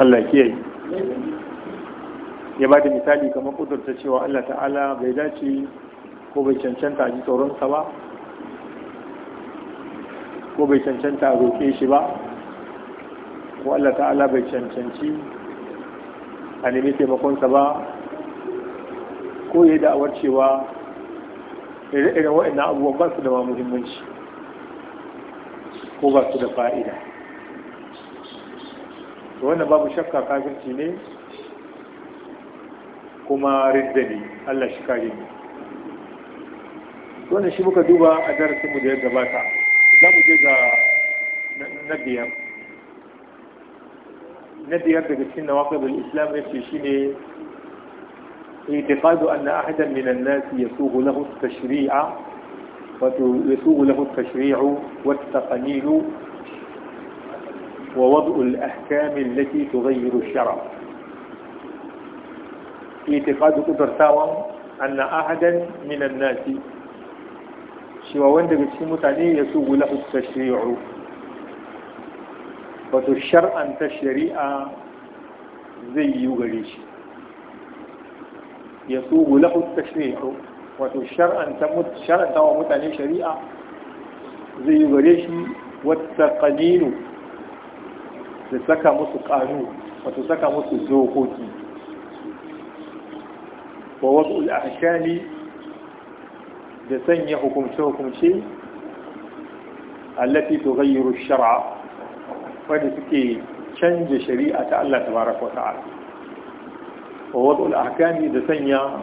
Allah kiyaye ya ba da misali kamar kudurta cewa Allah ta'ala bai dace ko bai cancanta a ji tsoronsa ba ko bai cancanta a roƙe shi ba ko Allah ta'ala bai cancanci a nemi taimakonsa ba ko ya yi da'awar cewa ire-iren waɗannan abubuwan ba su da ma muhimmanci ko ba su da fa'ida to wannan babu shakka kafirci ne kuma riddani Allah shi kare mu wannan shi muka duba a darasinmu da ya gabata za mu je ga na biyar na biyar daga cikin nawaƙibul islam ya ce shi ne اعتقاد أن أحدا من الناس يسوغ له التشريع ويسوغ له التشريع والتقنين ووضع الأحكام التي تغير الشرع اعتقاد قدر تاوان أن أحدا من الناس شوى وندق الشمتاني يسوغ له التشريع وتشرع أن تشريع زي يغريش يسوغ له التشريع وتشرع أن تمت شرع تاوان متاني شريعة زي يغريش والتقنين da saka musu ƙanu wato saka musu dokoki wa wasu al'ashani da sanya hukumce-hukumce allafi to gayyaru shara wadda suke canja shari'a ta Allah ta baraka wa ta'ala wa wasu al'akami da sanya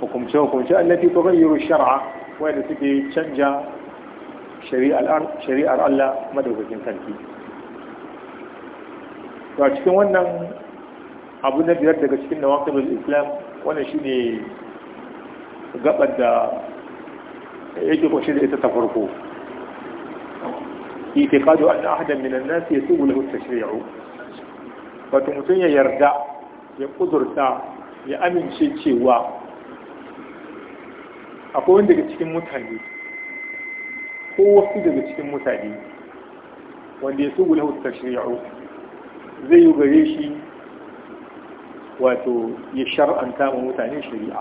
hukumce-hukumce allafi to gayyaru shara wadda suke canja shari'ar Allah madaukakin sarki to cikin wannan abu na biyar daga cikin nawaqibul islam wannan ne gabar da yake kwashe da ita ta farko na اعتقاد أن أحدا من الناس يسوغ Wata mutum ya yarda, ya kudurta, ya amince cewa akwai daga cikin mutane ko wasu daga cikin mutane wanda ya sugu lahu tashri'u zai yi gare shi wato ya shar'anta ma mutane shari'a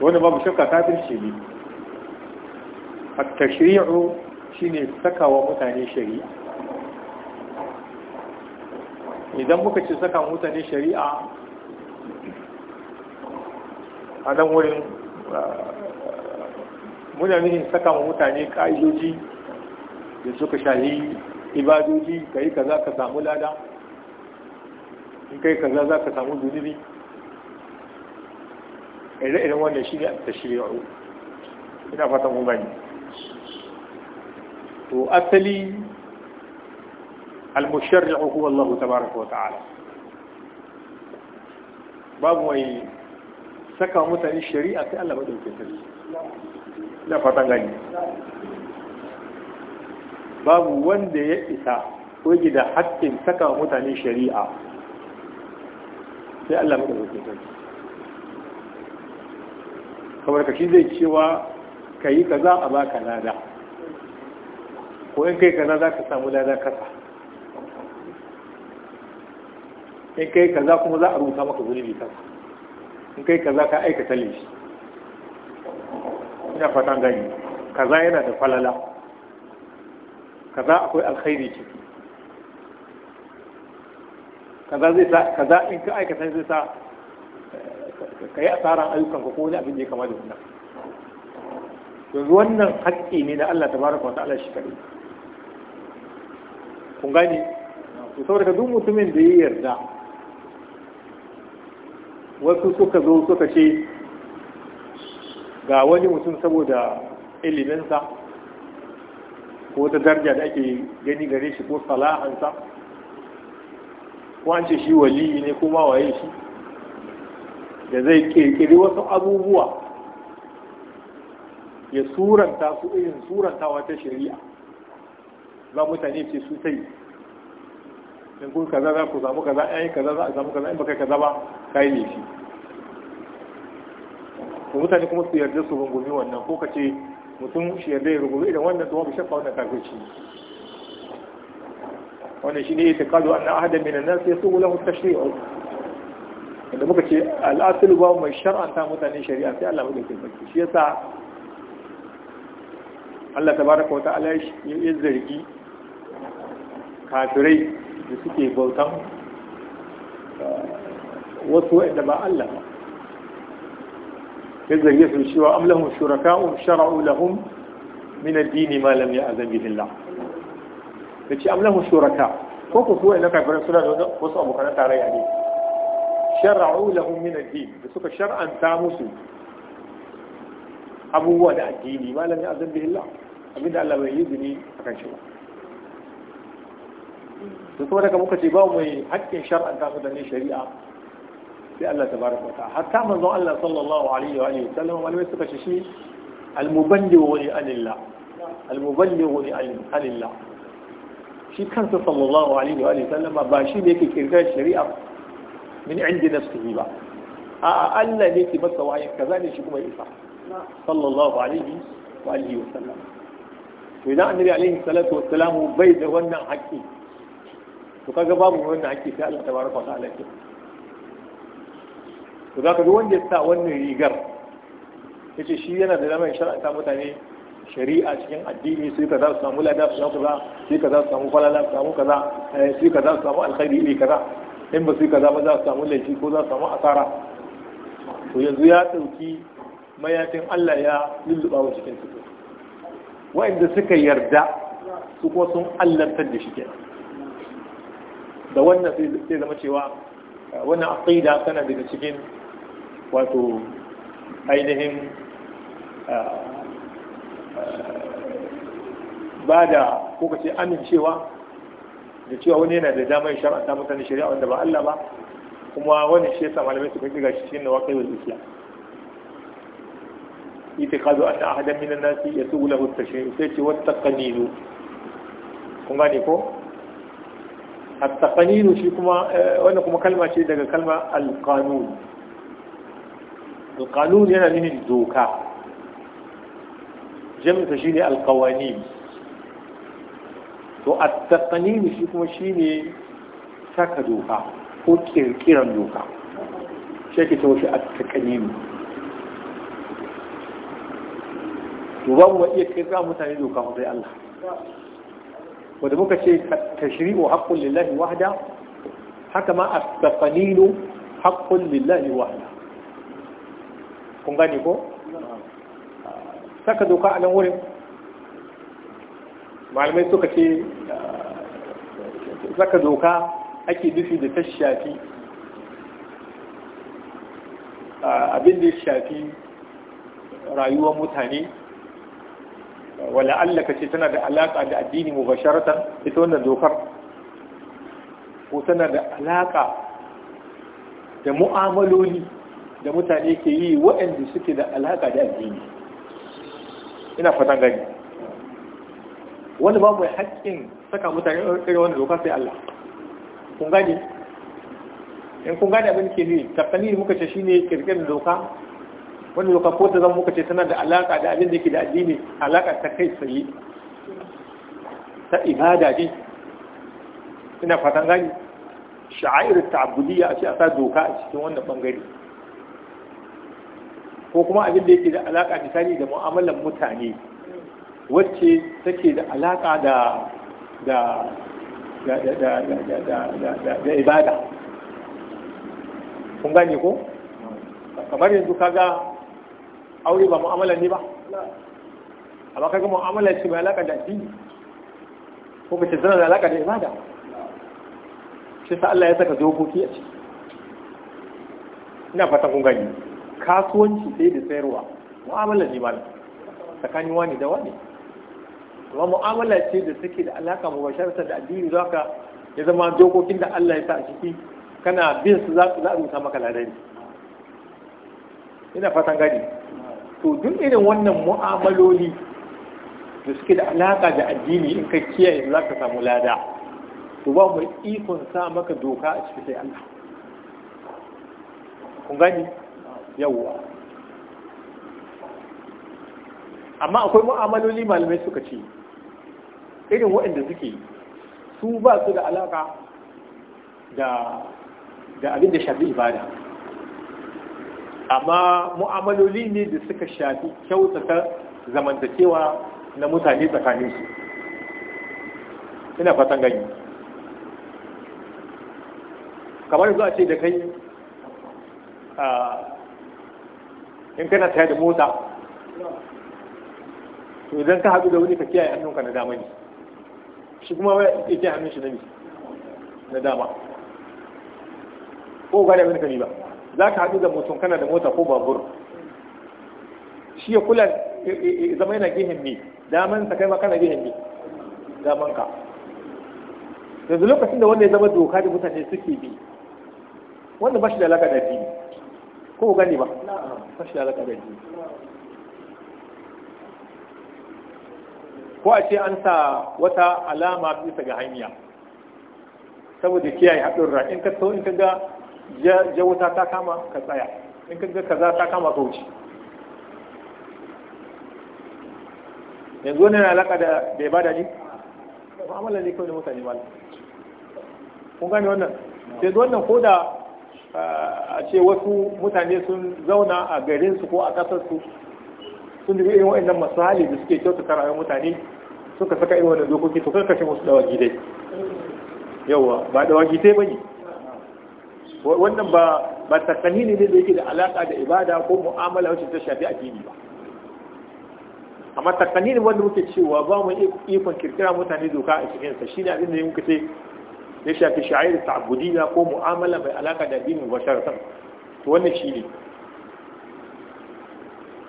wanda babu shakka kafirci ne a shi shine sakawa mutane shari'a idan muka ce saka mutane shari'a a nan wurin muna nuhin saka mutane ka'idoji da suka shahi ibadoji ka yi kaza ka samu lada in kai kaza za ka samu zunubi ire-iren wannan shi ne a tashiru ina fatan kun gani to asali al-musharri'u huwa Allah tabaraka wa ta'ala babu mai saka mutane shari'a sai Allah madaukakin sarki ina fatan gani babu wanda ya isa koyi da haƙƙin saka mutane shari'a sai Allah maka zoke sarki kamar ka shi zai cewa ka yi kaza a ba ka lada ko in kai kaza za ka samu lada kasa in kai kaza kuma za a rubuta maka zunubi kasa in kai kaza ka aikata lishi ina fatan gani kaza yana da falala kaza akwai alkhairi ciki kaza zai sa kaza in ka aikata zai sa eh, ka yi asaran ka ko wani abin da ya kama da wannan yanzu wannan haƙƙi ne da Allah tabaraka wa ta'ala shi kaɗai kun gane to saboda duk mutumin da ya yarda wasu suka zo suka ce ga wani mutum saboda iliminsa ko wata daraja da ake gani gare shi ko salahansa ko an ce shi waliyi ne ko ma waye shi da zai kirkiri wasu abubuwa ya suranta su irin surantawa ta shari'a za mutane ce su sai in kun kaza za ku samu kaza ɗaya kaza za a samu kaza in baka kaza ba kai ne shi mutane kuma su yarda su gungumi wannan ko ka ce mutum shi ya bai rubu idan wannan tuwa bi shafa wannan kafirci ne ita kado an anna ahadan min sai su yasubu lahu at-tashri'u inda muka ce al'asulu ba mai shar'anta mutane shari'a sai Allah mai sarki shi yasa Allah ta baraka wata ala ya zargi kafirai da suke bautan eh, wasu wa'anda ba Allah ba ya zarge su cewa am lahum shuraka'u shara'u lahum min ad-din ma lam ya'zan bihi Allah yace am lahum shuraka ko ko kuwa ina kafirin suna da wasu abokan tarayya ne shara'u lahum min ad-din da suka shar'anta musu abubuwa da addini ma lam ya'zan bihi Allah abinda Allah bai yi izini akan shi ba da kuma daga muka ce ba mai haƙƙin shar'anta su da ne shari'a sai Allah ta wa ta'ala hatta manzon Allah sallallahu alaihi wa alihi wasallam malamai suka ce shi al-muballighu li anillah al-muballighu li anillah shi kansa sallallahu alaihi wa alihi wasallam ba shi ne yake kirkar shari'a min indi nafsihi ba a Allah ne ke masa wahayi kaza ne shi kuma ya isa sallallahu alaihi wa alihi wa wasallam to idan annabi alaihi salatu wassalamu bai da wannan haƙƙi to kaga babu wannan haƙƙi sai Allah tabaraka wa ta'ala ke to za ka ga wanda ya sa wannan rigar ya ce shi yana da damar shari'a mutane shari'a cikin addini sai ka za su samu lada su samu kaza sai ka za su samu falala su samu kaza eh, sai ka za su samu alkhairi ne kaza in ba sai kaza ba za su samu laifi ko za su samu asara to yanzu ya ɗauki mayatin Allah ya lulluɓa wa cikin su wa'inda suka yarda su kuma sun allantar da shi kenan da wannan sai zama cewa eh, wannan aqida tana daga cikin wato ainihin ba da ko ce amincewa da cewa wani yana da damar shar'anta mutane shari'a wanda ba Allah ba kuma wani shi yasa malamai suka kiga shi cikin nawaqi wal islam a anna ahadan minan nasi yasu'u lahu at-tashri'u sai ce wattaqaninu kun gane ko at-taqaninu shi kuma eh, wannan kuma kalma ce daga kalma al-qanun القانون هنا من الدوكا جمع تشيني القوانين تو التقنين شي كما شيني ساكا دوكا هو تركيرا دوكا شاكي توشي التقنين تو بابو ما إيه كيرا متاني دوكا وضي الله وده ممكن شيء تشريع حق لله وحده حكما التقنين حق لله وحده kun gane ko saka doka a nan wurin malamai suka ce ah, saka doka ake nufi da ta shafi ah, abin da ya shafi rayuwar mutane wala Allah ka ce tana da alaƙa da addini mu basharatar ita wannan dokar ko tana da alaƙa da mu'amaloli da mutane ke yi waɗanda suke da alaƙa da addini ina fatan gani wanda ba mai haƙƙin saka mutane irin wanda doka sai Allah kun gani in kun gani abin ke ne tattali muka ce shine kirkin doka wanda doka ko ta zama muka ce tana da alaƙa da abin da yake da addini alaƙa ta kai tsaye ta ibada ne ina fatan gani sha'airar ta'abudiyya a ce a sa doka a cikin wannan bangare ko kuma abin da yake da alaka misali da mu'amalar mutane wacce take da alaka da da da da da da da da da ibada kun gane ko kamar yanzu kaga aure ba mu'amala ne ba amma kaga mu'amala ce mai alaka da addini ko ba zana da alaka da ibada shi sa Allah ya saka dokoki a ciki ina fatan kun gani kasuwanci sai da sayarwa mu'amala ne malam tsakanin wani da wani amma mu'amala ce da take da alaka mubasharatan da addini ka ya zama dokokin da Allah ya sa a ciki kana bin su za a rubuta maka ladari ina fatan gani to duk irin wannan mu'amaloli da suke da alaka da addini in ka kiyaye za ka samu lada to ba mu ikon sa maka doka a cikin sai Allah kun gani yawwa amma akwai mu'amaloli malamai suka ce irin waɗanda suke su ba su da alaka da abin da shafi ibada amma mu'amaloli ne da suka shafi kyautata zamantakewa na mutane tsakanin su ina fatan gani kamar zuwa ce da kai in kana tare da mota to idan ka haɗu da wani ka kiyaye hannunka na dama ne shi kuma wai ke kiyaye hannun shi na na dama ko ga da wani kani ba za ka haɗu da mutum kana da mota ko babur shi ya kula zama yana gihin ne daman sa kai ma kana gihin ne daman ka yanzu lokacin da wanda ya zama doka da mutane suke bi wanda ba shi da alaƙa da addini ko gani ba san da jini ko a ce an sa wata alama bisa ga hanya saboda kiyaye haɗurra in ka so in ka ga ja wuta ta kama ka tsaya in ka ga kaza ta kama ka wuce yanzu wani na alaka da bai bada ni mu'amala ne kawai da mutane malam kun gane wannan sai wannan ko da a ce wasu mutane sun zauna a su ko a su, sun dubi irin wa'annan masali da suke kyautata rayuwar mutane suka saka irin wannan dokoki to kar kashe musu dawaki dai yawa ba dawaki sai bane wannan ba ba takani ne da yake da alaka da ibada ko mu'amala wacce ta shafi addini ba amma takani ne wanda muke cewa ba mu ikon kirkira mutane doka a cikin sa shine abin da muke ya shafi sha'ir ta'budiyya ko mu'amala mai alaka da addinin bashar san to wannan shine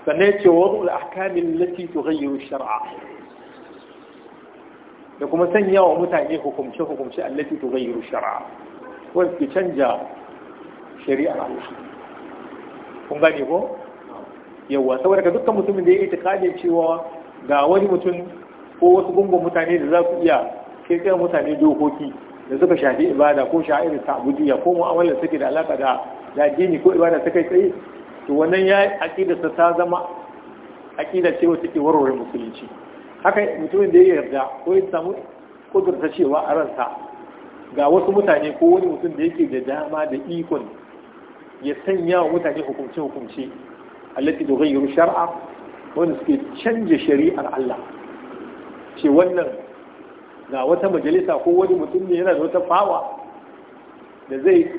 sannan ce wadu al-ahkam allati tughayyiru ash-shar'a da kuma sanya wa mutane hukumce hukumce allati tughayyiru ash-shar'a Ko ke canja shari'a Allah kun gane ko yawa saboda ka dukkan mutumin da ya yi itikadin cewa ga wani mutum ko wasu gungun mutane da za su iya kai mutane dokoki da suka shafi ibada ko sha'irin komo ko mu'amalar suke da alaka da addini ko ibada ta kai tsaye to wannan ya aqida sa ta zama aqida ce wacce ke warware musulunci haka mutumin da ya yarda ko ya samu ta cewa a ransa ga wasu mutane ko wani mutum da yake da dama da ikon ya sanya wa mutane hukumce-hukumce allati tughayyiru shar'a wanda suke canja shari'ar Allah ce wannan ga wata majalisa ko wani mutum ne yana da wata fawa da zai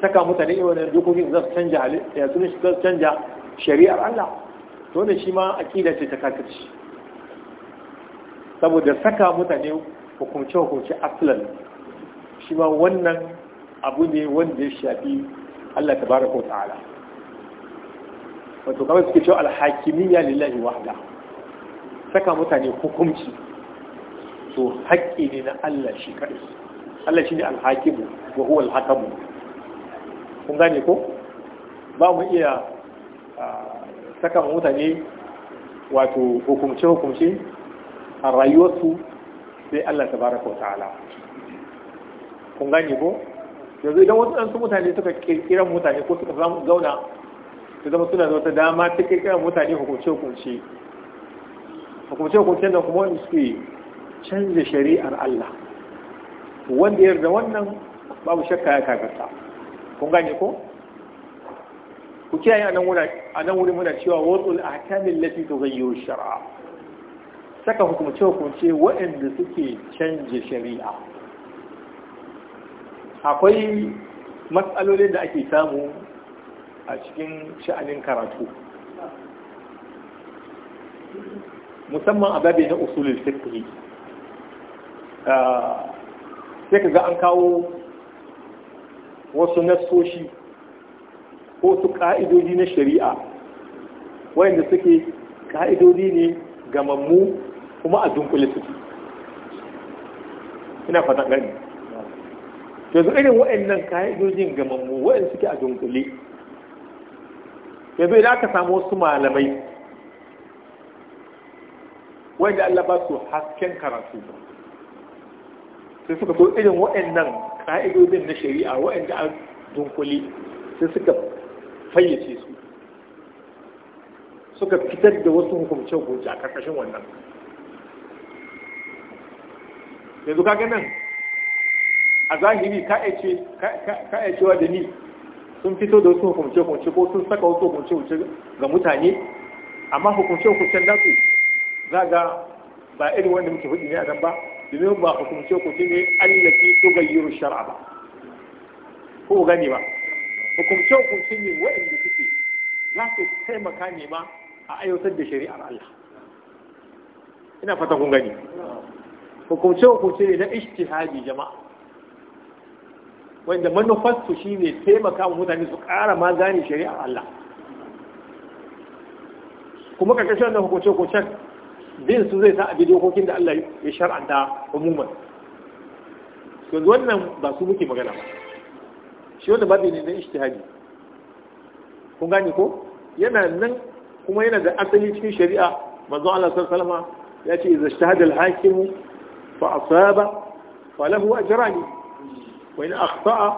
saka mutane irin wannan dokokin za su canja ya sunan shi canja shari'ar Allah to ne shi ma aqida ce ta kafirci saboda saka mutane hukunce hukunce aslan shi ma wannan abu ne wanda ya shafi Allah tabaraka wa ta'ala wato kamar suke cewa alhakimiyya lillahi wahda saka mutane hukunci to haƙƙi ne na Allah shi kaɗai Allah shi ne alhakimu wa huwa alhakamu kun gane ko ba mu iya saka mutane wato hukumce hukumce a rayuwarsu sai Allah baraka wa ta'ala kun gane ko yanzu idan wasu mutane suka kirkiran mutane ko suka zauna su zama suna da wata dama ta kirkiran mutane hukumce hukumce hukumce hukumce da kuma wani suke canza shari'ar Allah wanda ya yarda wannan babu shakka ya kagarta kun gane ko ku kiyaye anan nan anan wuri muna cewa wadul ahkam allati tughayyiru shar'a saka hukumce hukumce waɗanda suke canza shari'a akwai matsalolin da ake samu a cikin sha'anin karatu musamman a babe na usulul fiqh Ah, sai ka ga an kawo wasu nassoshi ko su ka'idodi na shari'a wayanda suke kaidodi ne ga mammu kuma a dunkule suke ina fata gani yanzu irin waɗannan ga mammu waɗanda suke a dunkule yanzu idan aka samu wasu malamai wanda Allah ba su hasken karatu ba sai suka so irin waɗannan ƙa'idodin na shari'a waɗanda a dunkule sai suka fayyace su suka fitar da wasu hukumce hukunce a ƙarƙashin wannan yanzu kaga nan a zahiri ka'ya cewa da ni sun fito da wasu hukumce hukunce ko sun saka wasu hukumce hukunce ga mutane amma hukumce hukuncen nasu za ga ba irin wanda muke hudu ne a nan ba domin ba hukumce ku ne allati tughayyiru shar'a ba ko gani ba hukumce ku ne waɗanda suke za su taimaka ne ma a aiwatar da shari'ar Allah ina fata kun gani hukumce ku ne na ishtihadi jama'a wanda manufarsu shi ne taimaka wa mutane su ƙara ma gane shari'ar Allah kuma ƙarƙashin wannan hukunce hukuncen bin su zai sa a bi dokokin da Allah ya shar'anta umuman yanzu wannan ba su muke magana ba shi wanda babu ne na ijtihadi kun gane ko yana nan kuma yana da asali cikin shari'a manzo Allah sallallahu alaihi ya ce idza ishtahada al-hakim fa asaba fa lahu ajrani wa in akhta'a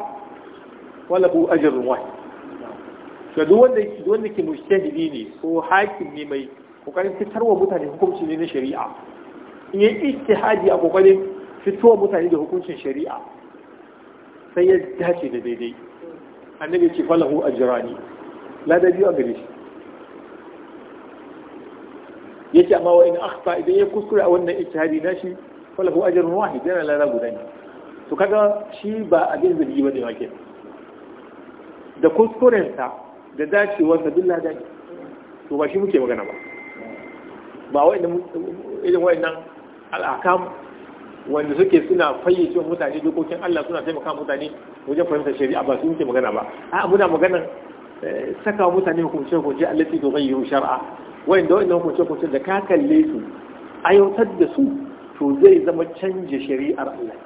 fa lahu ajrun wahid to duk wanda duk wanda ke mujtahidi ne ko hakim ne mai kokarin wa mutane hukunci ne na shari'a in yi ijtihadi a kokarin fitowa mutane da hukuncin shari'a sai ya dace da daidai annabi ce falahu ajrani lada biyu a gare shi ce amma wa in akhta idan ya kuskure a wannan ijtihadi nashi falahu ajrun wahid yana lalata guda ne to kaga shi ba abin zargi bane wake da kuskurensa da dacewarsa duk lada ne to ba shi muke magana ba ba irin wayannan al'akam wanda suke suna fayyace mutane dokokin Allah suna taimaka mutane wajen fahimtar shari'a ba su yi magana ba eh, a muna magana, saka mutane hukunce hukunce allati tughayyiru shar'a wanda wayannan hukunce hukunce da ka kalle su ayyautar da su to zai zama canje shari'ar Allah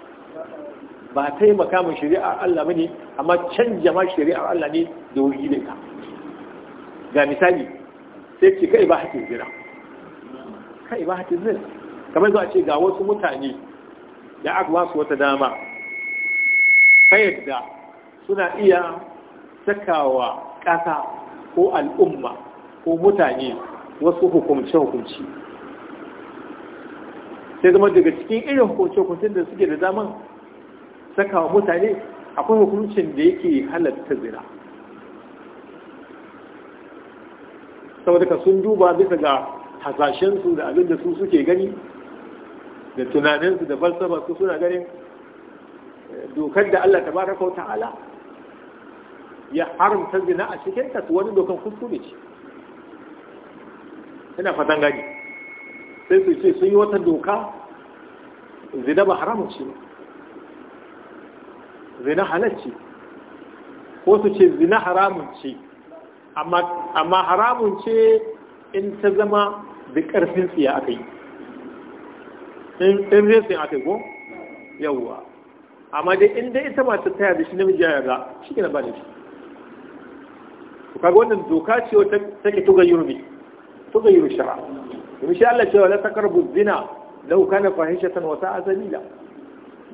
ba taimaka mu shari'ar Allah bane amma canja ma shari'ar Allah ne da wuri ne ka ga misali sai ce kai ba hakin jira ka ibahati zai kamar zuwa ce ga wasu mutane da aka wasu wata dama ta yadda suna iya sakawa ƙasa ko al'umma ko mutane wasu hukumce hukunci sai zama daga cikin irin hukumce hukunci da suke da zaman sakawa mutane akwai hukumcin da yake halatta zira saboda ka sun duba bisa ga hasashensu da abin da su suke gani da tunaninsu da falsafa su suna ganin eh, dokar da Allah ta baraka wa ta'ala ya haramta zina a cikin ta wani dokan kuskure ce ina fatan gani sai su ce sun yi wata doka zina ba haramun ce ba zina halarci ko su ce zina haramun ce amma haramun ce in ta zama duk ƙarfin tsiya aka yi in resin aka yi ko yawwa amma dai inda ita mace ta da shi namiji ya ga shi ke na ba da shi to kaga wannan doka ce wata take tuga yurbi tuga yurbi shara domin shi Allah cewa la taqrabu zina law kana fahishatan wa sa'a sabila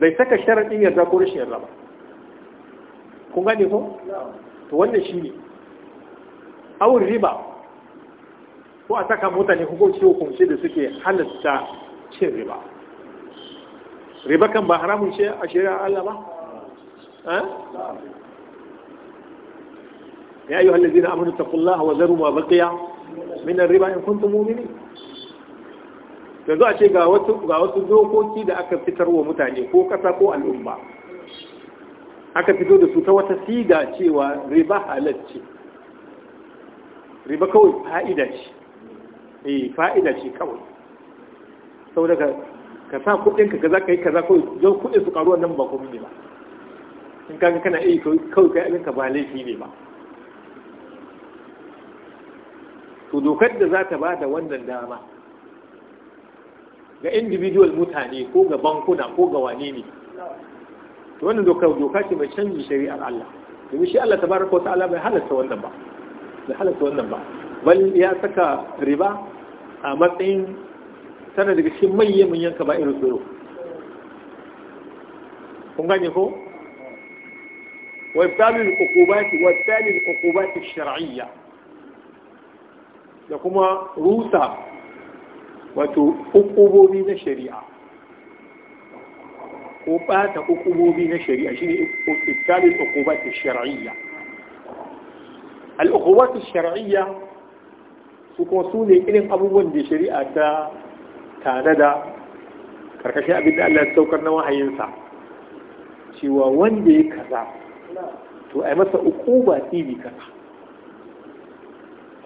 bai saka sharadin yarda ko rashin yarda ba kun gane ko to wannan ne? awur riba ko a saka mutane hukunci-hukunci da suke halatta cin riba riba kan ba haramun ce a shirya Allah ba? Eh? ya yi wahalar zina amurta kullaha a zaru ma bakiya minan riba in kuntum mumini yanzu a ce ga wasu dokoki da aka fitar wa mutane ko kasa ko al'umma aka fito da su ta wata siga cewa riba halacci riba kawai fa'ida ce eh fa'ida ce kawai saboda ka sa kuɗin ka za ka yi kaza kawai don kuɗin su karuwa nan ba kuma ne ba in kaga kana iya kawai kai abinka ba laifi ne ba su dokar da za ta ba da wannan dama ga individual mutane ko ga bankuna ko ga wane ne to wannan dokar doka ce mai canji shari'ar Allah domin shi Allah baraka wa ta'ala bai halatta wannan ba bai halatta wannan ba bal ya saka riba a matsayin tana daga cikin manyan manyan ka ba irin tsoro kun gane ko وابتال العقوبات وابتال العقوبات الشرعية da kuma rusa wato hukumomi na shari'a ko bata hukumomi na shari'a shine ne ibtalin hukumat shari'iyya al-hukumat shari'iyya su kuma su ne irin abubuwan da shari'a ta tare da karkashin abin da Allah ya saukar na wahayinsa cewa wanda ya kaza to a yi masa ba tsibi kaza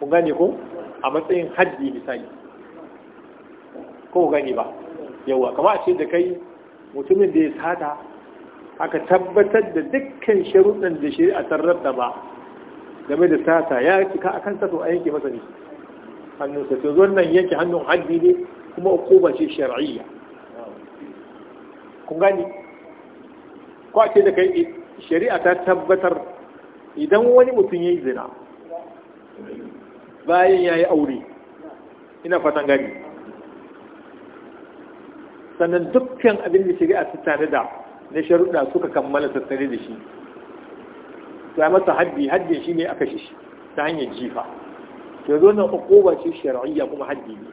ku gane ko a matsayin hajji misali ko gane ba yawa kama a ce da kai mutumin da ya sata aka tabbatar da dukkan sharuɗan da shari'a ta ba game da sata ya cika akan sato a yanke masa ne hannunsa zo nan yanke hannun haddi ne kuma ukuba ce shar'iyya kun gani ko ce da kai eh, shari'a ta tabbatar idan wani mutum ya yi zina bayan ya yi aure ina fatan gani sannan dukkan abin da shari'a ta tare da na sharuɗa suka kammala tattare da shi ta masa haddi haddin shi ne aka shi ta hanyar jifa to yanzu wannan uquba ce shar'iyya kuma haddi ne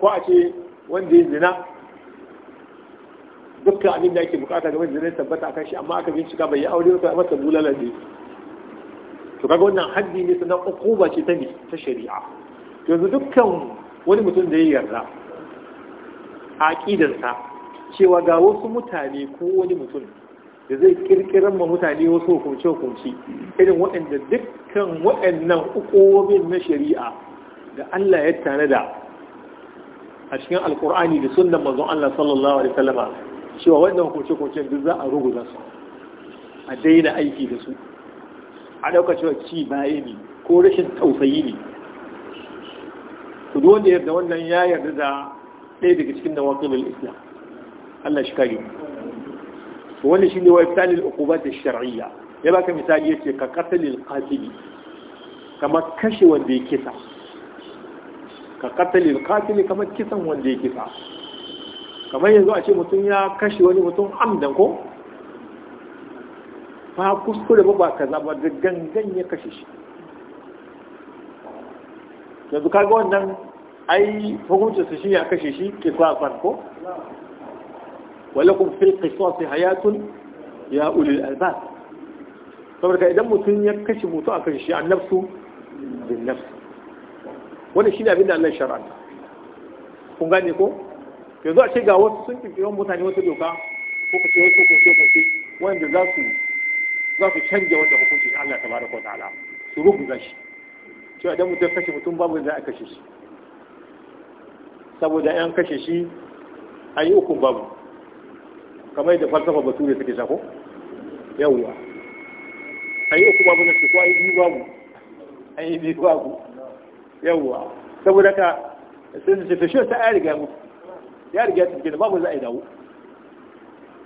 ko a ce wanda ya zina dukkan abin da ake bukata game da zina tabbata kan shi amma aka bincika bai yi aure ba masa bulala ne to kaga wannan haddi ne sannan hukuma ce ta ne ta shari'a to yanzu dukkan wani mutum da ya yarda a aqidarsa cewa ga wasu mutane ko wani mutum da zai kirkirar ma mutane wasu hukunce-hukunce irin waɗanda dukkan waɗannan hukumomin na shari'a da Allah ya tanada a cikin alkur'ani da sunan mazan Allah sallallahu alaihi wasallama cewa waɗannan hukunce hukunce duk za a ruguza su a daina aiki da su a ɗauka cewa ci baya ne ko rashin tausayi ne to duk wanda yarda wannan ya yarda da ɗaya daga cikin nawaqibul islam Allah shi kare mu to wannan shine wa ibtalil uqubat ash-shar'iyya ya baka misali yace ka qatlil qatil kamar kashe wanda ya kisa ka qatlil qatil kamar kisan wanda ya kisa kamar yanzu a ce mutum ya kashe wani mutum amdan ko ba kuskure ba ba kaza ba da gangan ya kashe shi yanzu kaga wannan ai hukuncin su shi ya kashe shi ke sa farko ولكم في qisasi حياة ya أولي الألباب saboda idan mutum ya kashe mutu akan shi بالنفس bin nafs wannan shine abin da kun gane ko yanzu a ce ga wasu sun yawan mutane wata doka ko ka ce wasu kunce kunce wanda za su za su canja wanda hukunci Allah tabaraka wa ta'ala su za shi cewa idan mutum kashe mutum babu za a kashe shi saboda yan kashe shi an yi ukun babu kamar da falsafa bature suke shafo yawwa a yi uku babu na ce ko yi biyu babu an yi biyu babu yawwa saboda ka sun ce ta shi ta ya riga mutu ya riga ta cikin babu za a yi dawo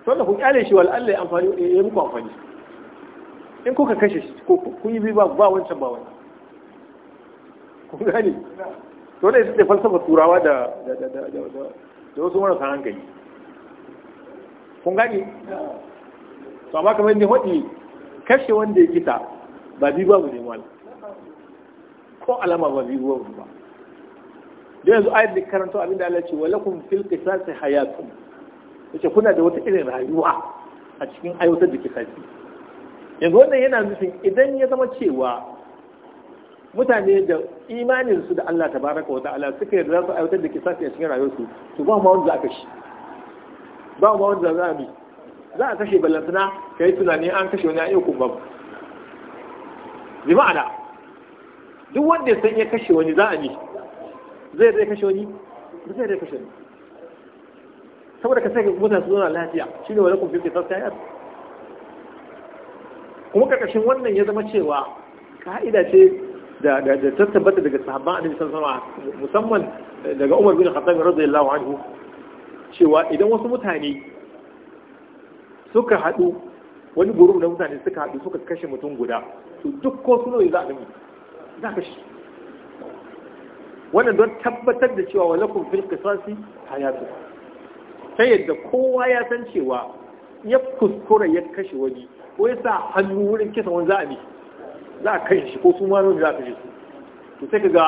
sannan kun kyale shi wal'alla ya amfani ya muku amfani in kuka kashe shi ko kun yi biyu babu ba wancan ba wani kun gani to ne ita ce falsafa turawa da wasu marasa hankali kun gane to amma kamar ne hodi kashe wanda ya kita ba bi mu ne wal ko alama ba bi mu ba da yanzu ayat da karanto da Allah ya ce walakum fil qisasi hayatun yace kuna da wata irin rayuwa a cikin aiwatar da kisasi yanzu wannan yana nufin idan ya zama cewa mutane da imaninsu da Allah tabaraka wa ta'ala suka yarda su aiwatar da kisasi a cikin rayuwarsu to ba ma wanda aka shi ba ma wanda za a bi za a kashe ballantana ka yi tunani an kashe wani ayyuku kuma ba bi ma'ana duk wanda ya san ya kashe wani za a bi zai zai kashe wani ba zai zai kashe wani saboda ka sai ka mutane su zauna lafiya ne wani kun fiske sassa ya kuma karkashin wannan ya zama cewa ka'ida ce da ta daga sahabban annabi sallallahu sama musamman daga Umar bin Khattab radiyallahu anhu cewa idan wasu mutane suka haɗu wani guru na mutane suka haɗu suka kashe mutum guda to duk ko suna yi za a gami za a kashe wannan don tabbatar da cewa wa lakum fil qisasi hayatu ta yadda kowa ya san cewa ya kuskura ya kashe wani ko ya sa hannu wurin kisa wani za a ne za a kashe shi ko su ma za a kashe su to sai ka ga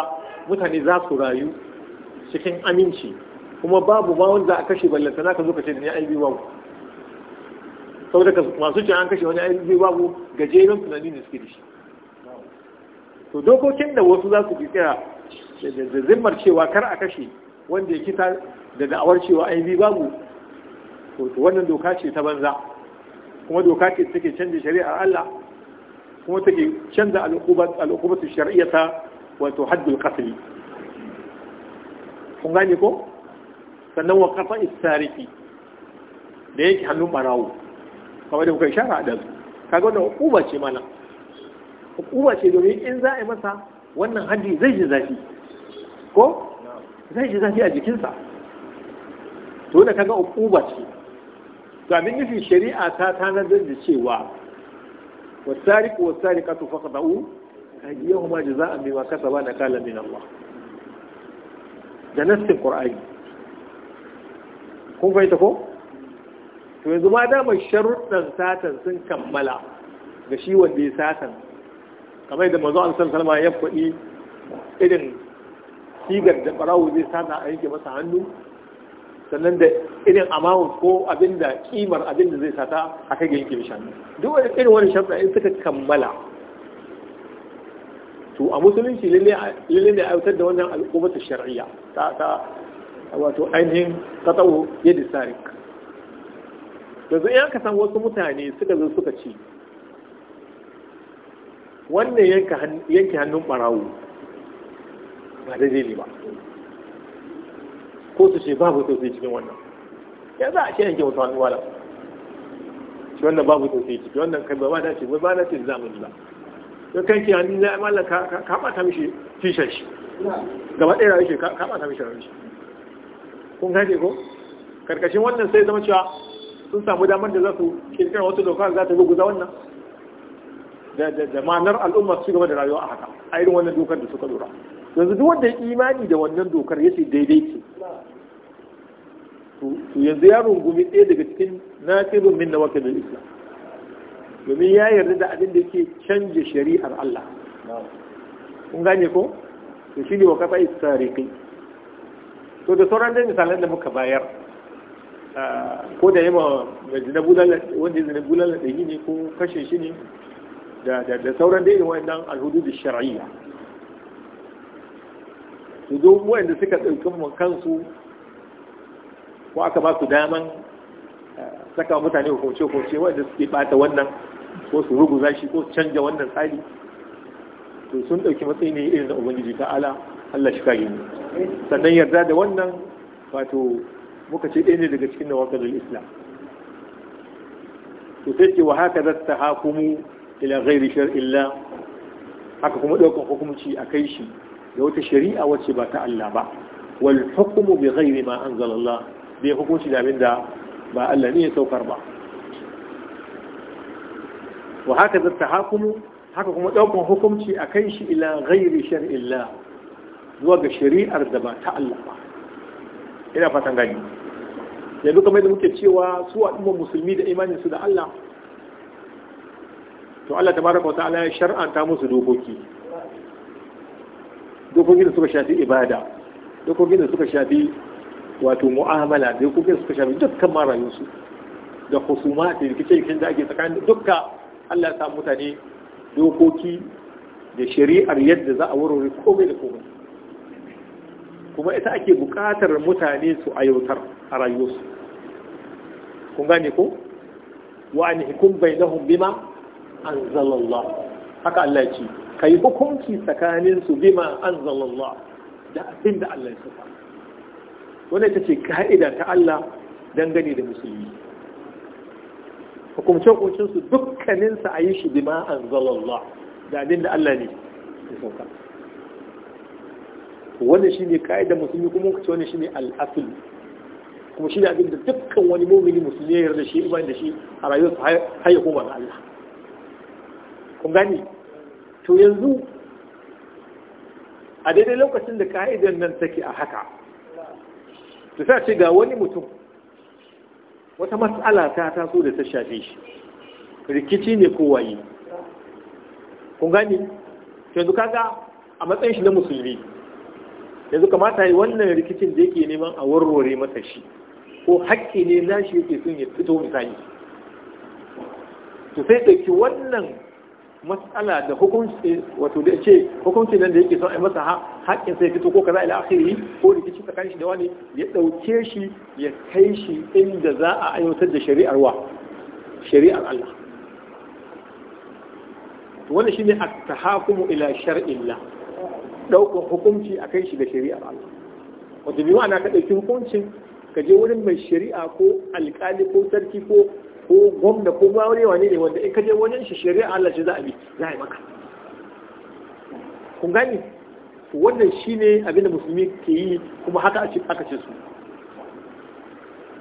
mutane za su rayu cikin aminci kuma babu ba wanda a kashe ballanta na ka zo ka ce ne aibi babu saboda ka masu ce an kashe wani aibi babu gajeren tunani ne suke da shi to dokokin da wasu za su bi tsaya da zimmar cewa kar a kashe wanda ya kita da da'awar cewa aibi babu to wannan doka ce ta banza kuma doka ce take canza shari'ar Allah kuma take canza al'ukubatu shari'a ta wato haddul qatl kun gane ko sannan wa kafa istariki da yake hannun barawo kamar da kuka shara da su kaga wannan hukuma ce mana hukuma ce domin in za a yi masa wannan haddi zai ji zafi ko zai ji zafi a jikinsa to da kaga hukuma ce to abin nufin shari'a ta tanar da cewa والسارق والسارقة za أيديهما جزاء بما كسبا نكالا من الله ده نفس القرآن kun fahimta ko to yanzu ma dama sharuɗɗan satan sun kammala ga shi wanda ya satan kamar da mazo amsar salma ya faɗi irin sigar da ɓarawo zai sata a yanke masa hannu sannan da irin amount ko abin da kimar abin da zai sata a kai ga yanke mishi hannu duk wani irin wani sharuɗa in suka kammala to a musulunci lalle ne aiwatar da wannan al'ummar shari'a ta wato ainihin katsawo yadda sarik yanzu in aka san wasu mutane suka zo suka ci. wannan yanke hannun barawo ba daidai ne ba ko su ce babu tausayi cikin wannan ya za a ce yanke wasu hannu wala shi wannan babu tausayi ciki wannan kai ba dace ce ba ba ce zamani ba don ke hannu ya amala ka ta mishi fishan shi gaba ɗaya rayu shi ka ta mishi rayu shi kun gane ko karkashin wannan sai zama cewa sun samu damar da za su kirkira wata doka za ta ruguza wannan da ma'anar al'umma su gaba da rayuwa a haka a irin wannan dokar da suka lura yanzu duk wanda imani da wannan dokar ya ce daidai ce to yanzu ya rungumi ɗaya daga cikin nasirun min na mai islam domin ya yarda da abin da yake canja shari'ar Allah kun gane ko to shine wa kafa isariqi to da sauran dai misalan da muka bayar ko da yamma da zina bulala wanda zina bulala da ne ko kashe shi ne da sauran dai irin wayannan da shari'a. su zo wayanda suka dauki mu kansu ko aka ba su daman saka mutane hukunce hukunce wayanda suke bata wannan ko su ruguza shi ko su canja wannan tsari to sun dauki matsayi ne irin da ubangiji ta'ala Allah shi kage mu sannan yarda da wannan wato muka ce ɗaya ne daga cikin nawaqidul islam to sai ce wa haka za ta hakumu ila ghairi illa, haka kuma ɗaukar hukumci a kai shi da wata shari'a wacce ba ta Allah ba wal hukumu bi ghairi ma anzalallah bai hukunci da abin da ba Allah ne ya saukar ba wa haka za ta hakumu haka kuma ɗaukar hukumci a kai shi ila ghairi illa. zuwa ga shari'ar da ba ta Allah ba ina fatan gani yanzu kamar yadda muke cewa su al'ummar musulmi da imanin su da Allah to Allah ta tabaraka Allah ya shar'anta musu dokoki dokoki da suka shafi ibada dokoki da suka shafi wato mu'amala da dokoki da suka shafi dukkan ma rayuwarsu da kusuma da rikice-rikicen da ake tsakanin dukka Allah ya sa mutane dokoki da shari'ar yadda za a warware komai da komai kuma ita ake buƙatar mutane su ayyautar a rayuwarsu kun gane ko wa an hukum bainahum bima anzalallah haka Allah ya ce kai hukunci tsakanin su bima anzalallah da abin da Allah ya saka wannan ita ce ka'ida ta Allah dangane da musulmi hukumce hukuncin su dukkanin su ayi shi bima anzalallah da abin da Allah ne ya saka wannan shine kaidar musulmi kuma kace wannan shine al-asl kuma shine abin da dukkan wani mu'mini musulmi ya yarda shi ibani da shi a rayuwarsa har ya koma ga Allah kun gani to yanzu a daidai lokacin da ka'idar nan take a haka to sai ce ga wani mutum wata matsala ta taso da ta shafe shi rikici ne ko waye kun gani yanzu kaga a matsayin shi na musulmi yanzu kamata yi wannan rikicin da yake neman a warware masa shi ko hakki ne shi yake son ya fito misali to sai ɗauki wannan matsala da hukunci eh, wato da ce hukunci nan da yake son a masa haƙƙin sai fito ko kaza ila akhiri ko rikici tsakanin shi da wani ya ɗauke shi ya kai shi inda za a aiwatar da shari'ar wa shari'ar Allah wannan shine at-tahakumu ila shar'illah ɗaukar hukunci a kai shi ga shari'ar Allah wata bi ma'ana ka ɗauki hukuncin ka je wurin mai shari'a ko alƙali ko sarki ko ko gwamna ko gwamna ne ne wanda in ka je wajen shi shari'a Allah ce za a bi za a yi maka kun gani wannan ne abin da musulmi ke yi kuma haka a aka ce su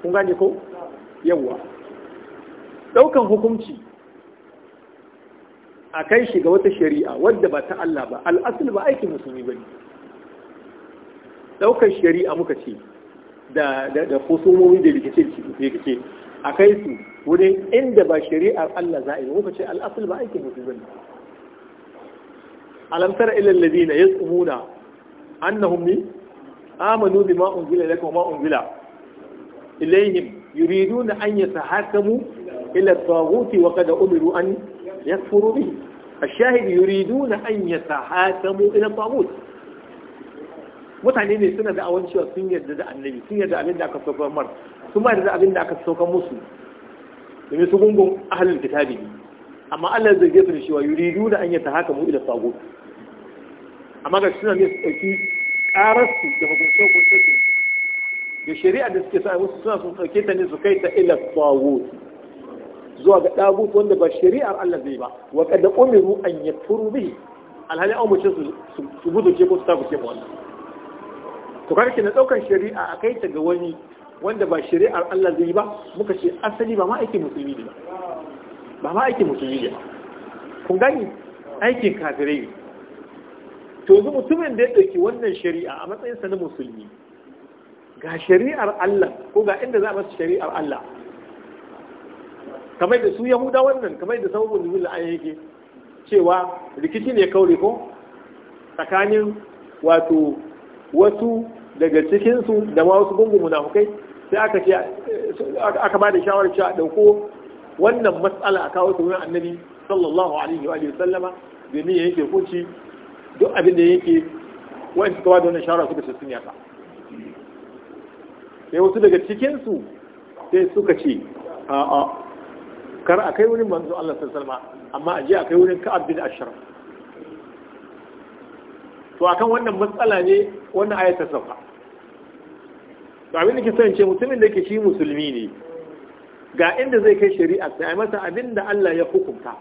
kun gane ko yawwa ɗaukan hukunci a kai shi ga wata shari'a wadda ba ta Allah ba al'asul ba aikin musulmi ba ne ɗaukar shari'a muka ce da kusumomi da rikice a kai su wurin inda ba shari'ar Allah za a yi muka ce al'asul ba aikin musulmi ba ne alamtar ilal ladina yasumuna annahum ni amanu bima unzila ilaykum ma unzila ilayhim yuriduna an yatahakamu ila at-taghuti wa kada umiru an يكفر به الشاهد يريدون أن يتحاكموا إلى الطاغوت mutane ne suna da awon cewa sun yarda da annabi sun yarda abin da aka saukar mar sun ba da abin da aka sauka musu domin su gungun ahalin kitabi ne amma Allah ya zarge su da cewa yuridu da an yata haka mu ila sago amma ga suna ne su ɗauki ƙarar su da hukunce hukunce su da shari'a da suke sa musu suna sun ɗauke ta ne su kai ta ila sago zuwa ga dagut wanda ba shari'ar Allah zai ba wa kada umiru an furu bihi alhali an mace su gudu ce ko su tafi ce wannan to kar ki na daukan shari'a a kai ta ga wani wanda ba shari'ar Allah zai ba muka ce asali ba ma aikin musulmi ne ba ma aikin musulmi ne kun gani aikin kafirai to yanzu mutumin da ya ɗauki wannan shari'a a matsayinsa na musulmi ga shari'ar Allah ko ga inda za a masa shari'ar Allah kamar da su yahuda wannan kamar da da nuzul an yake cewa rikici ne kaure ko tsakanin wato wasu daga cikinsu da ma wasu gungun munafukai sai aka ce aka ba da shawarar cewa dauko wannan matsala a kawo wurin annabi sallallahu alaihi wa sallama domin ya yake kunci, duk abin da yake wa'in suka da wannan shawarar suka sassun sun sai wasu daga cikinsu sai suka ce a'a kar a kai wurin manzo Allah sallallahu amma a je a kai wurin Ka'ab bin Ashraf to akan wannan matsala ne wannan ayata ta sauka to abin da ke son ce mutumin da yake shi musulmi ne ga inda zai kai shari'a sai ai masa abin da Allah ya hukunta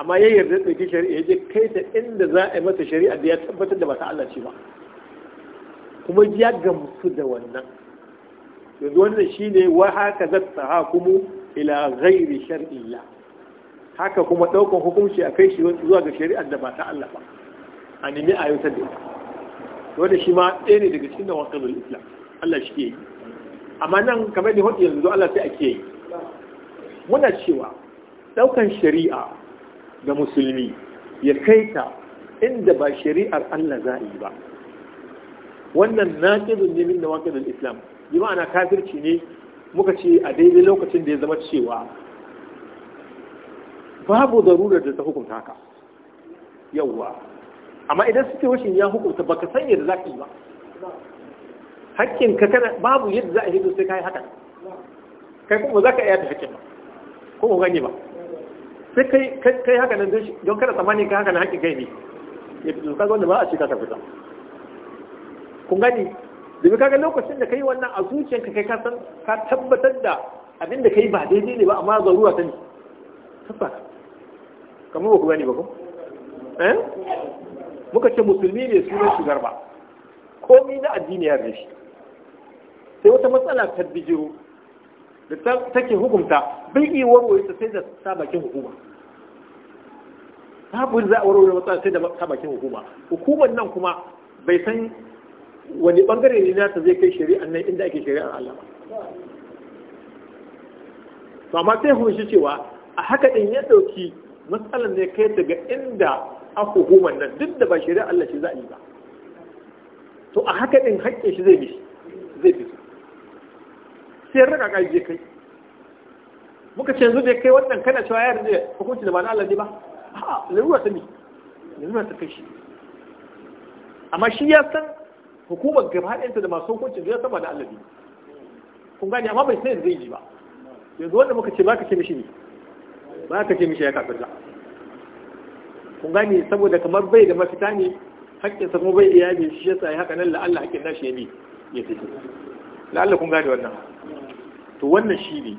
amma ya yarda ɗauki shari'a ya je kai ta inda za a yi masa shari'a da ya tabbatar da ba ta Allah ce ba kuma ya gamsu da wannan yanzu wannan ne wa haka zatta hakumu ila ghairi shar'iyya haka kuma daukan hukunci a kai shi zuwa ga shari'ar da ba ta Allah ba a nemi a yautar da ita wanda shi ma ɗaya ne daga cikin da wakalul islam Allah shi ke yi amma nan kamar da hudu yanzu Allah sai ake yi muna cewa ɗaukar shari'a ga musulmi ya kai ta inda ba shari'ar Allah za yi ba wannan naqidun ne nemi da wakalul islam bi ma'ana kafirci ne muka ce a daidai lokacin da ya zama cewa babu zarurar da ta hukunta haka yauwa amma idan situation ya hukunta baka san yadda za ka yi ba hakkin ka kana babu yadda za a yi sai kai haka kai kuma za ka iya ta hakkin ba ko ku gani ba sai kai kai haka nan don kada tsammanin ka haka na hakkin kai ne ya fito kaga wanda ba a ce ka fita kun gani da kaga lokacin da kai wannan a zuciyarka kai ka san ka tabbatar da abin da kai ba daidai ne ba amma zaruwa ta ne tabbata kamar ba ku gani ba ku? eh muka ce musulmi ne sunan shigar ba Komi na addini ya rashi sai wata matsala ta bijiro da take hukunta bai iya warware ta sai da ta bakin hukuma babu za a warware matsala sai da ta bakin hukuma hukumar nan kuma bai san wani bangare ne nasa zai kai shari'an nan inda ake shari'ar Allah to amma sai hun shi cewa a haka din ya dauki matsalan ne kai daga inda aka hukumar nan duk da ba shari'ar Allah shi za a yi ba to a haka din haƙƙin shi zai bi zai bi sai raka kai je kai muka ce yanzu da kai wannan kana cewa yadda rinde hukunci da ba na Allah ne ba ha, lalura ta ne lalura ta kai shi amma shi ya san hukumar gabaɗinta da masu hukuncin zai sama da allabi kun gani amma bai sai zai ji ba yanzu wanda muka ce ba ka ce mishi ne ba ka ce mishi ya kafirta kun gani saboda kamar bai da mafita ne hakkin sa kuma bai iya yi shi yasa ya haka nan la'alla haƙƙin nashi ya bi ya fi la'alla Allah kun gani wannan to wannan shi ne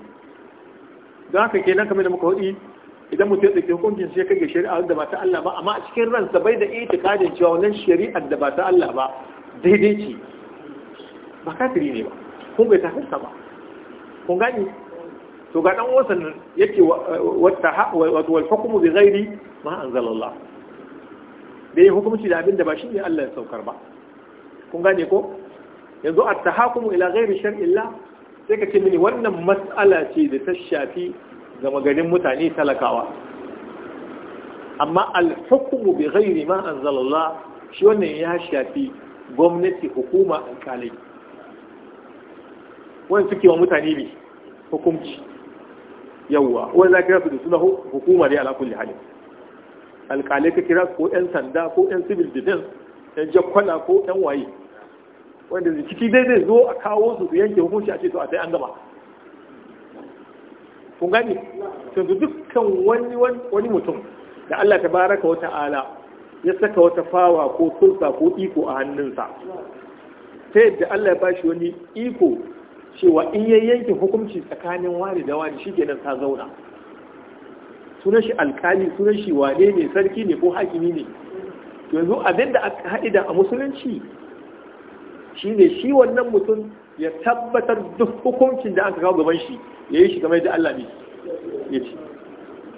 don haka kenan kamar da muka hudu idan mutum ya ɗauki hukuncin ya kage shari'a da ba ta Allah ba amma a cikin ransa bai da itikadin cewa wannan shari'ar da ba ta Allah ba daidai ce ba kafiri ne ba kun bai tafarsa ba kun gani to ga dan wasan yake wata wato wal hukumu bi ghairi ma anzalallah da yi hukunci da abin da ba shi ne Allah ya saukar ba kun gane ko yanzu at tahakumu ila ghairi illa sai ka ce mini wannan mas'ala ce da ta shafi gama garin mutane talakawa amma al hukumu bi ghairi ma anzalallah shi wannan ya shafi gwamnati hukuma alkalai wani suke wa mutane ne hukumci yawwa wani za ka kira su da suna hukuma ne ala kulli halin alkalai ka kira ko yan sanda ko yan civil defense yan jakwala ko yan waye wanda ciki dai zai zo a kawo su su yanke hukunci a ce to a sai an gama kun gani yanzu dukkan wani mutum da Allah ta baraka wa ta'ala ya saka wata fawa ko kulsa ko iko a hannunsa ta yadda Allah ya bashi wani iko cewa in ya yanke hukunci tsakanin wani da wani shi kenan ta zauna sunan shi alkali sunan shi wane ne sarki ne ko hakimi ne yanzu abin da aka haɗi da a musulunci shi ne shi wannan mutum ya tabbatar duk hukuncin da aka kawo gaban shi ya yi shi game da Allah ne ya ce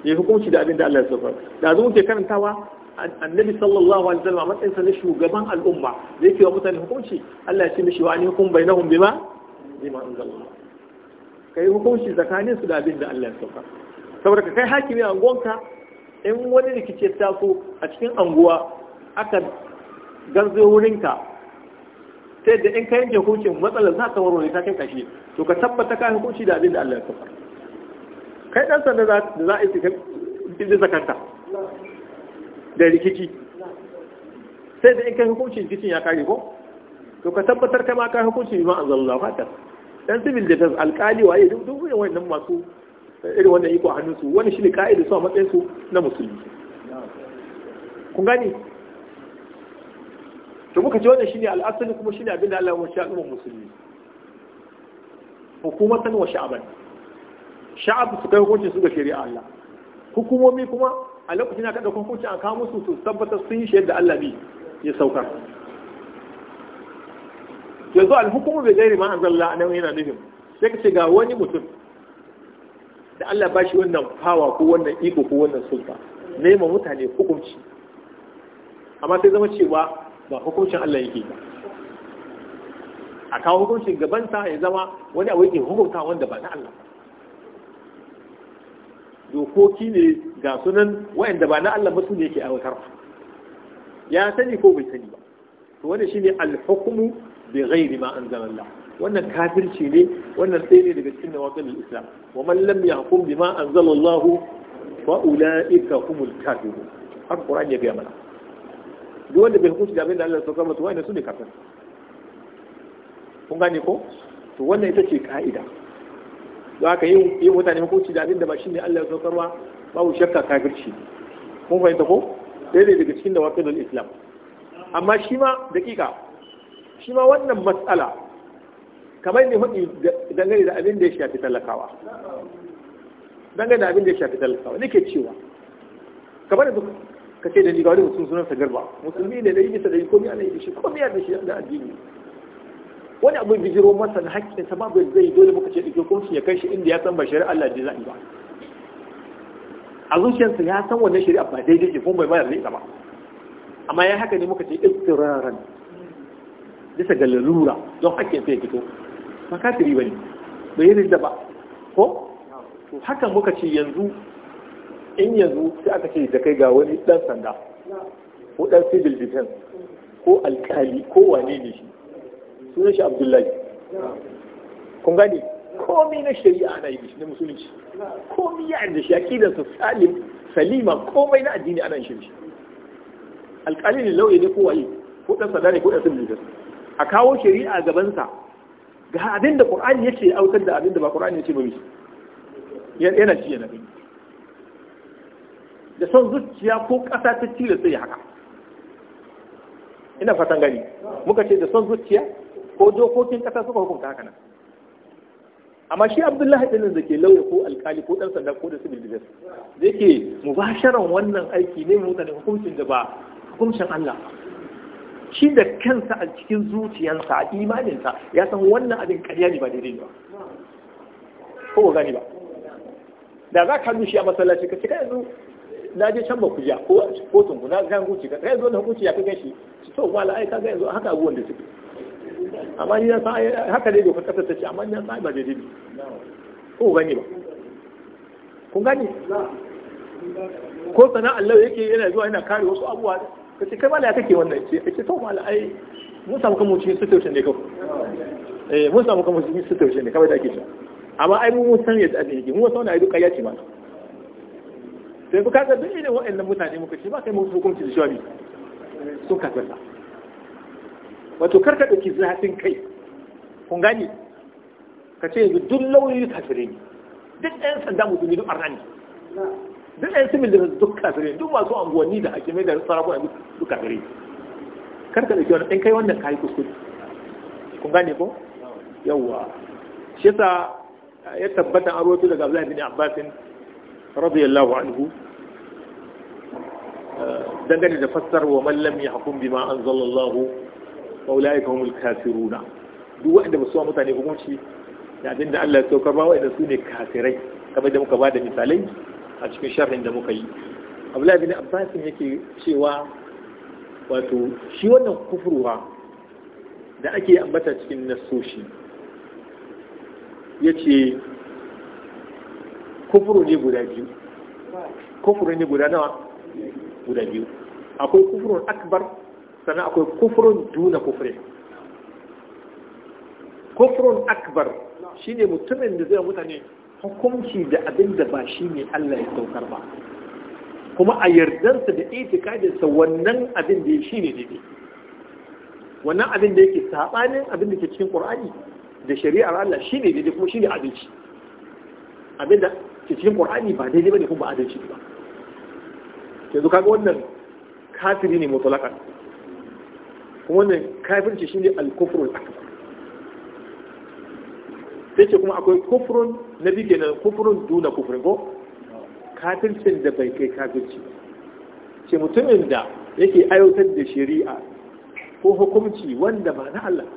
ya hukunci da abin da Allah ya sauka da zuwa ke karantawa annabi sallallahu alaihi wasallam a matsayin sa na shugaban al'umma da yake wa mutane hukunci Allah ya ce mishi wa an hukum bainahum bima bima anzalallah kai hukunci tsakanin su da abin da Allah ya sauka saboda ka kai hakimi a gonka in wani rikice ta so a cikin anguwa aka garzo wurinka sai da in ka yanke hukuncin matsalar za ta ne ta kai kashi to ka tabbata ka hukunci da abin da Allah ya sauka kai dan sanda za a yi bisa kanta da rikici sai da in kai hukuncin jikin ya kare ko to ka tabbatar kai ma kai hukuncin ma anzalallahu hatta dan civil defense alkali waye duk duk wannan masu irin wannan iko a hannunsu wani shi ne ka'ida su a matsayinsu na musulmi kun gani to muka ce wannan shine al'asali kuma shine abinda Allah ya sha al'ummar musulmi hukumatan wa sha'aban sha'ab su kai hukunci su ga shari'a Allah hukumomi kuma a lokacin aka ɗaukar hukunci a kawo musu su tabbata sun yi shi yadda Allah bi ya saukar yanzu alhukumu bai gairi ma zalla a nan yana nufin sai ka ce ga wani mutum da Allah ba shi wannan fawa ko wannan iko ko wannan sulta nema mutane hukunci amma sai zama cewa ba hukuncin Allah yake ba a kawo hukuncin gabansa ya zama wani abu yake hukunta wanda ba na Allah ba dokoki ne ga sunan wa'anda ba na Allah ba su ne yake aiwatar ya sani ko bai sani ba to wannan shine al-hukmu bi ghairi ma anzala Allah wannan kafirci ne wannan sai ne daga cikin nawaqil islam wa man lam yahkum bima anzala Allah fa ulaika humul kafirun har Qur'an ya biya mana duk wanda bai hukunci da abin da Allah ya saukar masa wa'anda su ne kafir kun gane ko to wannan ita ce ka'ida za ka yi mutane hukunci da abin da ba shi ne Allah ya saukarwa babu shakka kafirci mun fahimta ko daidai daga cikin da wakilul islam amma shi ma dakika shi ma wannan matsala kamar ne hudu dangane da abin da ya shafi talakawa dangane da abin da ya shafi talakawa nake cewa kamar da ka ce da ni ga wani mutum sunan sa garba musulmi ne da yi bisa da yi komi ana yi shi komi ya da shi da addini wani abin bijiro masa na haƙƙin sa babu zai dole muka ce dake hukunci ya kai shi inda ya san ba shari'a Allah ji zai ba a zuciyarsa ya san wannan shari'a ba daidai ce kuma bai bayar da ita ba amma ya haka ne muka ce istiraran bisa ga lalura don haƙƙin sa ya fito ba ka ba bane bai yi da ba ko to haka muka ce yanzu in yanzu sai aka ce da kai ga wani ɗan sanda ko ɗan civil defense ko alkali ko wane ne shi sunan shi abdullahi kun gani komi na shari'a ana yi na musulunci komi ya da shi aqidarsa salim salima komai na addini ana shi shi alƙalin lauye ne ko waye ko dan sadare ko dan sulhu a kawo shari'a gabansa ga abin da ya ce autar da abin da ba ya yace ba shi yana ci yana gani da son zuciya ko ƙasa ta cire sai haka ina fatan gani muka ce da son zuciya ko dokokin kasa suka hukunta haka nan amma shi abdullahi ɗin da ke lauya ko alkali ko ɗan sanda ko da su defense da yake mubasharan wannan aiki ne mu da hukuncin da ba hukuncin Allah shi da kansa a cikin zuciyarsa a imaninsa ya san wannan abin ƙarya ne ba daidai ba ko gani ba da za ka shi a masallaci ka cika yanzu na je can bakuja ko kotun ku na gan guci ka yanzu wannan hukunci ya ka gan shi to mala ai ka ga yanzu haka abubuwan da suke amma yi na san haka ne dokar kasar ta ce amma ni na san ba daidai ne ko gani ba kun gani ko sana'ar lau yake yana zuwa yana kare wasu abubuwa ka ce kai mala ya kake wannan ce ake to mala ai mun samu kan mutum su taushe ne kawai eh mun samu kan mutum su taushe ne kawai da ake cewa amma ai mun san yadda ake yake mun san wannan ai duka ya ce mana sai ka ga duk irin waɗannan mutane muka ce ba kai mun hukunci da shawabi sun kafirta wato karka ɗauki zafin kai kun gani ka ce yanzu duk lauyoyi kafirai ne duk ɗayan sanda musulmi duk arna ne duk ɗayan simil da duk kafirai duk masu anguwanni da hakimai da sarakuna duk kafirai karka ɗauki wani ɗan kai wannan kayi kuskure kun gane ko yawwa shi yasa ya tabbata an rawaito daga Abdullahi bin Abbas radiyallahu anhu eh, dangane da fassar wa man lam yahkum bima anzalallahu waulayi ulai ka humul kafiruna duk waɗanda ba su wa mutane hukunci da abin da Allah ya saukar ba waɗanda su ne kafirai kamar da muka ba da misalai a cikin sharhin da muka yi abdullahi bin abbas yake cewa wato shi wannan kufurwa da ake ambata cikin nasoshi yace kufuru ne guda biyu kufuru ne guda nawa guda biyu akwai kufurun akbar sannan akwai kufrun duna kufrin kufrun akbar shine mutumin da zai mutane hukunci da abin da ba shi ne Allah ya saukar ba kuma a yardarsa da itikadinsa wannan abin da shi ne daidai wannan abin da yake saɓanin abin da ke cikin Qur'ani da shari'ar Allah shi ne daidai kuma shi ne adalci abin da ke cikin Qur'ani ba daidai bane kuma ba adalci ba yanzu kaga wannan kafiri ne mutlakan wannan kafirci shine al-kufrul akbar sai ce kuma akwai kufrun na bi kenan kufrun duna kufrin ko kafircin da bai kai kafirci ce mutumin da yake ayyukan da shari'a ko hukunci wanda ba na Allah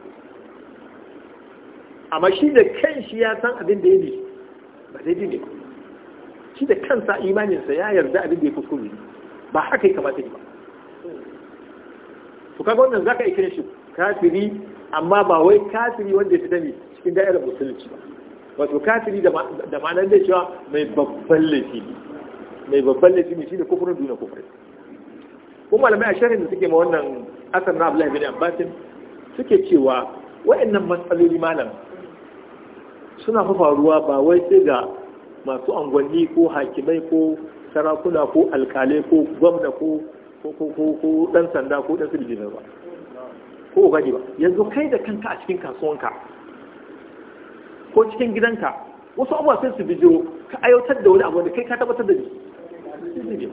amma shi da kanshi ya san abin da ya ba ba dai ne shi da kansa imaninsa ya yarda abin da ya kuskure ba haka ya kamata ba to kaga wannan zaka iya shi kafiri amma ba wai kafiri wanda ya fi ne cikin da'irar musulunci ba wato kafiri da ma'anar da cewa mai babban laifi mai babban laifi ne shine kufurin duniya kufurin kuma malamai a sharhin da suke ma wannan asar na Abdullahi bin Abbas suke cewa waɗannan matsaloli malam suna faruwa ba wai sai ga masu angwanni ko hakimai ko sarakuna ko alkalai ko gwamna ko ko dan sanda ko dan sirjinin ba ko gadi ba yanzu kai da kanka a cikin kasuwanka ko cikin gidanka wasu abuwa sai su bijiro ka aiwatar da wani abu da kai ka tabbatar da shi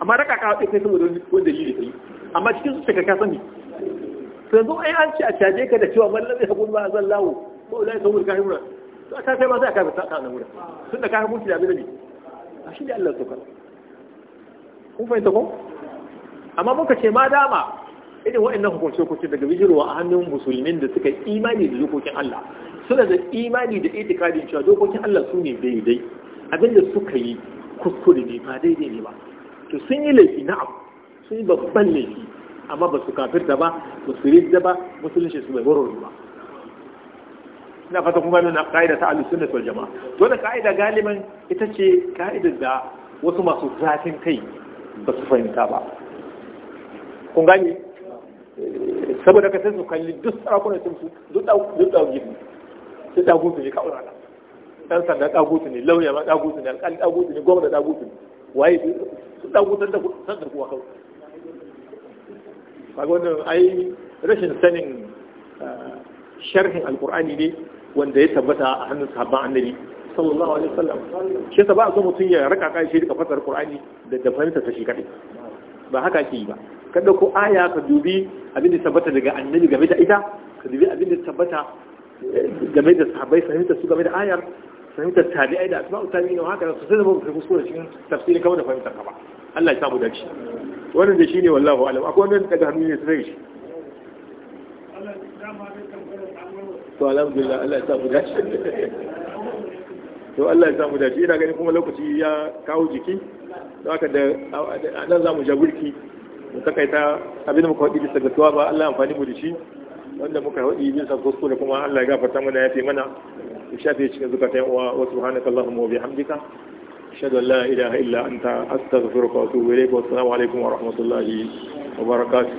amma raka ka haɗe kai saboda wani dalili kai amma cikin su ka sani yanzu ai an ci a caje ka da cewa mallan zai haƙuri ba a zan lawo ko ulai saboda ka himura a ka kai ma sai a kafa ta nan wurin tun da ka haƙuri da abin da ne a shi da Allah su kun fahimta ko amma muka ce ma dama irin waɗannan hukunce hukunce daga bijirwa a hannun musulmin da suka imani da dokokin Allah suna da imani da itikadin cewa dokokin Allah su ne daidai abinda suka yi kuskure ne ba daidai ne ba to sun yi laifi na abu sun yi babban laifi amma ba su kafirta ba ba su ridda ba musulunci su bai warware ba ina fata kuma nuna ka'ida ta ahlus sunna wal jama'a to wannan ka'ida galiban ita ce ka'idar da wasu masu zafin kai ba su fahimta ba kun gane saboda ka sai su kalli duk sarakunan sun su duk ɗauki su ɗagutu ne kawai rana ɗan sanda ɗagutu ne lauya ma ɗagutu ne alƙali ɗagutu ne gwamna ɗagutu ne waye su ɗagutar da sandar kuwa kawai kaga wannan ai rashin sanin eh, sharhin alƙur'ani ne wanda ya tabbata a hannun sahabban annabi sallallahu alaihi wasallam shi yasa ba a so mutum ya raka kai shi duka fasar qur'ani da da fahimta ta shi kadai ba haka ke yi ba ka ɗauko aya ka dubi abin da tabbata daga annabi game da ita ka dubi abin da tabbata eh, game da sahabbai fahimta su game da ayar fahimtar tabi'ai da asma'u na haka da sai da ba su da cikin tafsirin kawai da fahimtar ka ba Allah ya samu dace wannan da shine wallahu alam akwai wannan daga hannu ne sai shi to alhamdulillah Allah ya samu dace to Allah ya samu dace ina ganin kuma lokaci ya kawo jiki don haka da nan zamu jagurki mu takaita abin da muka haɗi bisa ga tuwa ba Allah amfani mu da shi wanda muka haɗi bisa kuskure kuma Allah ya gafarta mana ya fi mana ya shafe cikin zukatan uwa wa subhanaka allahumma wa bihamdika ashhadu an la ilaha illa anta astaghfiruka wa atubu ilayk wa assalamu alaikum wa rahmatullahi wa barakatuh